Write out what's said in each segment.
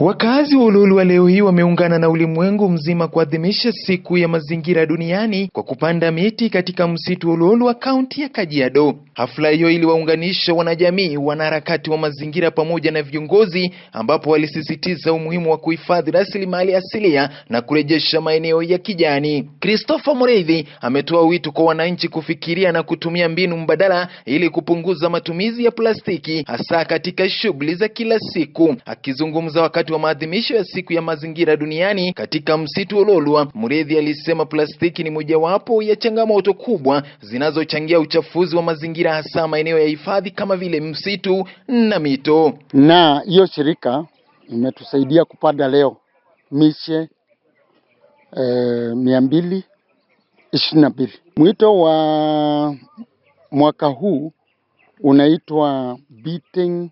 Wakazi wa Ululu wa leo hii wameungana na ulimwengu mzima kuadhimisha siku ya mazingira duniani kwa kupanda miti katika msitu wa Ululu wa kaunti ya Kajiado. Hafla hiyo iliwaunganisha wanajamii, wanaharakati wa mazingira pamoja na viongozi, ambapo walisisitiza umuhimu wa kuhifadhi rasilimali asilia na kurejesha maeneo ya kijani. Christopher Mureithi ametoa wito kwa wananchi kufikiria na kutumia mbinu mbadala ili kupunguza matumizi ya plastiki, hasa katika shughuli za kila siku. Akizungumza wakati Wakati wa maadhimisho ya siku ya mazingira duniani katika msitu wa Lolwa, Mrithi alisema plastiki ni mojawapo ya changamoto kubwa zinazochangia uchafuzi wa mazingira, hasa maeneo ya hifadhi kama vile msitu na mito. Na hiyo shirika imetusaidia kupanda leo miche eh, mia mbili ishirini na mbili. Mwito wa mwaka huu unaitwa beating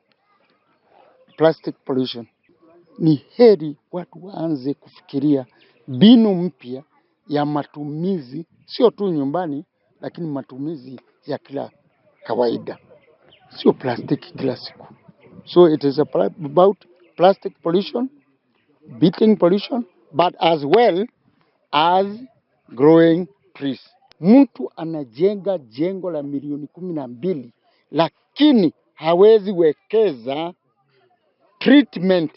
plastic pollution ni heri watu waanze kufikiria mbinu mpya ya matumizi, sio tu nyumbani, lakini matumizi ya kila kawaida, sio plastiki kila siku. So it is about plastic pollution, beating pollution, but as well as growing trees. Mtu anajenga jengo la milioni kumi na mbili lakini hawezi wekeza treatment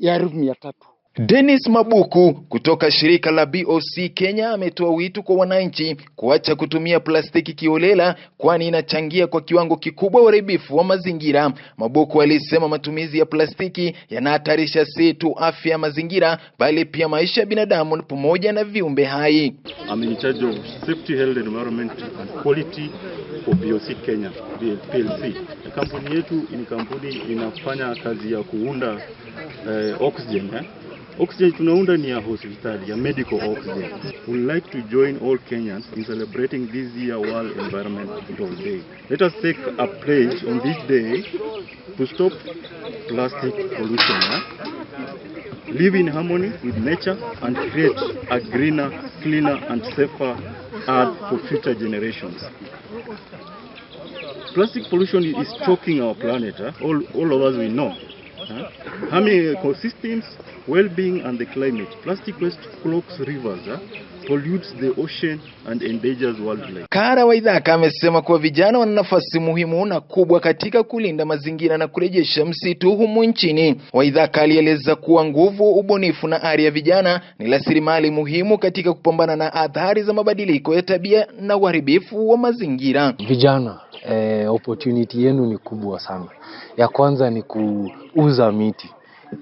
ya elfu mia tatu. Dennis Mabuku kutoka shirika la BOC Kenya ametoa wito kwa wananchi kuacha kutumia plastiki kiolela kwani inachangia kwa kiwango kikubwa uharibifu wa mazingira. Mabuku alisema matumizi ya plastiki yanahatarisha si tu afya ya mazingira bali pia maisha ya binadamu pamoja na viumbe hai. I'm in charge of safety, health, environment and quality for BOC Kenya PLC. Kampuni yetu ni kampuni inafanya kazi ya kuunda eh, oxygen, eh? Oxygen tunaunda ni ya hospitali ya medical oxygen. We would like to join all Kenyans in celebrating this year World Environment Day. Let us take a pledge on this day to stop plastic pollution. Live in harmony with nature and create a greener, cleaner and safer earth for future generations. Plastic pollution is choking our planet, all, all of us we know. -huh. harming ecosystems, well-being and the climate. Plastic waste clogs rivers, huh? pollutes the ocean and endangers wildlife. Kara Waithaka amesema kuwa vijana wana nafasi muhimu na kubwa katika kulinda mazingira na kurejesha msitu humu nchini. Waithaka alieleza kuwa nguvu, ubunifu na ari ya vijana ni rasilimali muhimu katika kupambana na athari za mabadiliko ya tabia na uharibifu wa mazingira. Vijana eh, opportunity yenu ni kubwa sana. Ya kwanza ni kuuza miti.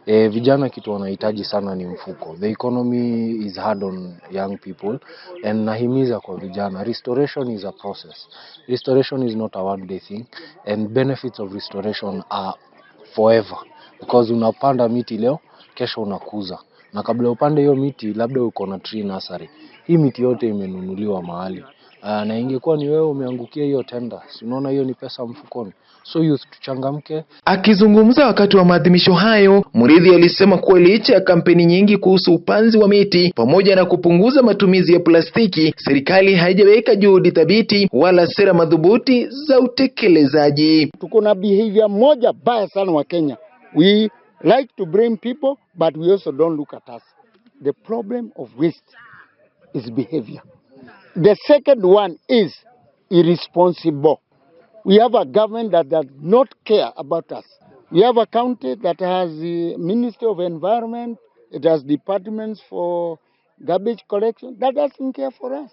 eh, vijana kitu wanahitaji sana ni mfuko. The economy is hard on young people and nahimiza kwa vijana, restoration is a process. Restoration is not a one day thing and benefits of restoration are forever because unapanda miti leo, kesho unakuza na kabla upande hiyo miti labda uko na tree nursery. Hii miti yote imenunuliwa mahali, Uh, na ingekuwa ni wewe umeangukia hiyo tenda, si unaona hiyo ni pesa mfukoni. So youth tuchangamke. Akizungumza wakati wa maadhimisho hayo, mridhi alisema kuwa licha ya kampeni nyingi kuhusu upanzi wa miti pamoja na kupunguza matumizi ya plastiki, serikali haijaweka juhudi thabiti wala sera madhubuti za utekelezaji. Tuko na behavior moja baya sana wa Kenya. We like to blame people but we also don't look at us. The problem of waste is behavior. The second one is irresponsible. We have a government that does not care about us. We have a county that has the Ministry of Environment, it has departments for garbage collection that doesn't care for us.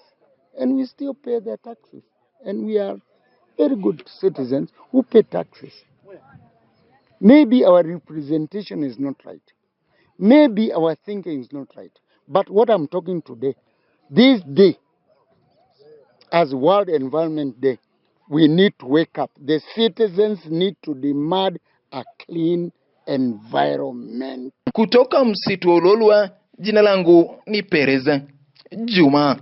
And we still pay their taxes. And we are very good citizens who pay taxes. Maybe our representation is not right. Maybe our thinking is not right. But what I'm talking today, this day, as World Environment Day, we need to wake up. The citizens need to demand a clean environment. Kutoka msitu wa jina langu ni Pereza Juma.